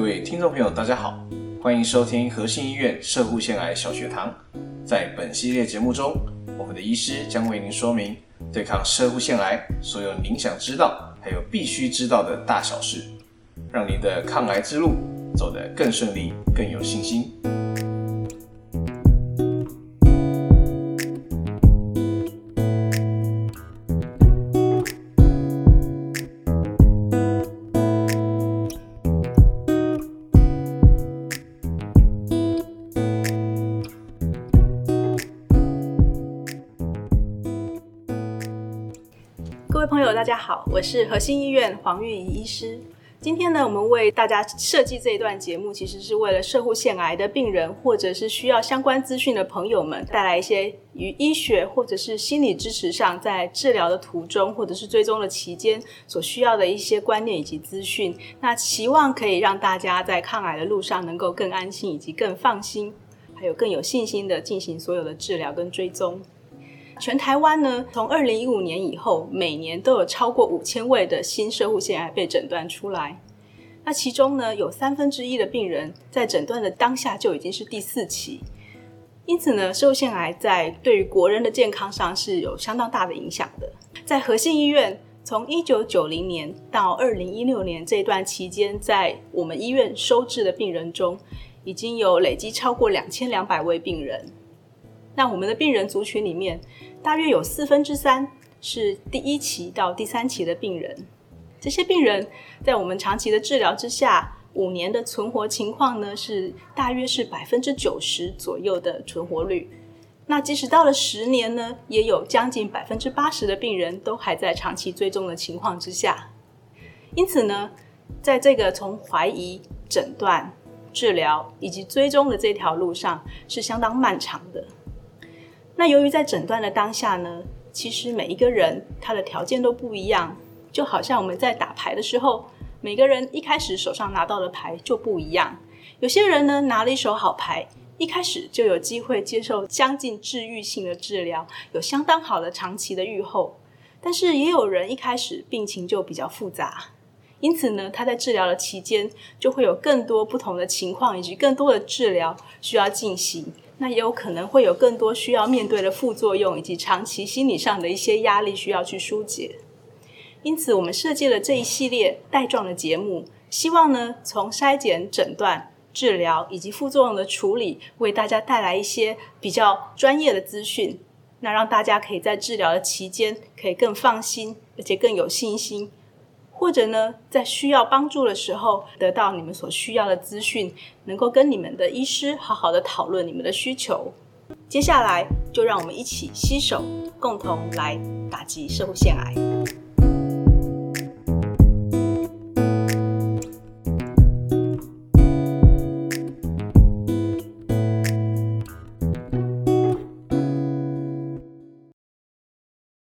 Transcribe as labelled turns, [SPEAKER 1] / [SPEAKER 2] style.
[SPEAKER 1] 各位聽眾朋友，大家好，歡迎收聽和信醫院攝護腺癌小學堂。在本系列節目中，我們的醫師將為您說明對抗攝護腺癌所有您想知道，還有必須知道的大小事，讓您的抗癌之路走得更順利，更有信心。
[SPEAKER 2] 各位朋友，大家好，我是核心醫院黃玉儀醫師。今天呢，我們為大家設計這一段節目，其實是為了攝護腺癌的病人，或者是需要相關資訊的朋友們，帶來一些與醫學或者是心理支持上，在治療的途中或者是追蹤的期間所需要的一些觀念以及資訊。那希望可以讓大家在抗癌的路上能夠更安心，以及更放心，還有更有信心的進行所有的治療跟追蹤。全台灣呢，從二零一五年以後，每年都有超過五千位的新攝護腺癌被診斷出來。那其中呢，有三分之一的病人在診斷的當下就已經是第四期。因此呢，攝護腺癌在對於國人的健康上是有相當大的影響的。在和信醫院，從一九九零年到二零一六年這段期間，在我們醫院收治的病人中，已經有累積超過兩千兩百位病人。那我們的病人族群裡面，大約有四分之三是第一期到第三期的病人，這些病人在我們長期的治療之下，五年的存活情況呢，是大約是百分之九十左右的存活率。那即使到了十年呢，也有將近百分之八十的病人都還在長期追蹤的情況之下。因此呢，在這個從懷疑、診斷、治療以及追蹤的這條路上，是相當漫長的。那由於在診斷的當下呢，其實每一個人他的條件都不一樣，就好像我們在打牌的時候，每個人一開始手上拿到的牌就不一樣。有些人呢，拿了一手好牌，一開始就有機會接受將近治癒性的治療，有相當好的長期的預後。但是也有人一開始病情就比較複雜。因此呢，他在治療的期間就會有更多不同的情況，以及更多的治療需要進行。那也有可能會有更多需要面對的副作用，以及長期心理上的一些壓力需要去疏解。因此，我們設計了這一系列帶狀的節目，希望呢，從篩檢、診斷、治療以及副作用的處理，為大家帶來一些比較專業的資訊。那讓大家可以在治療的期間可以更放心，而且更有信心。或者呢，在需要幫助的時候，得到你們所需要的資訊，能夠跟你們的醫師好好的討論你們的需求。接下來，就讓我們一起攜手，共同來打擊攝護腺癌。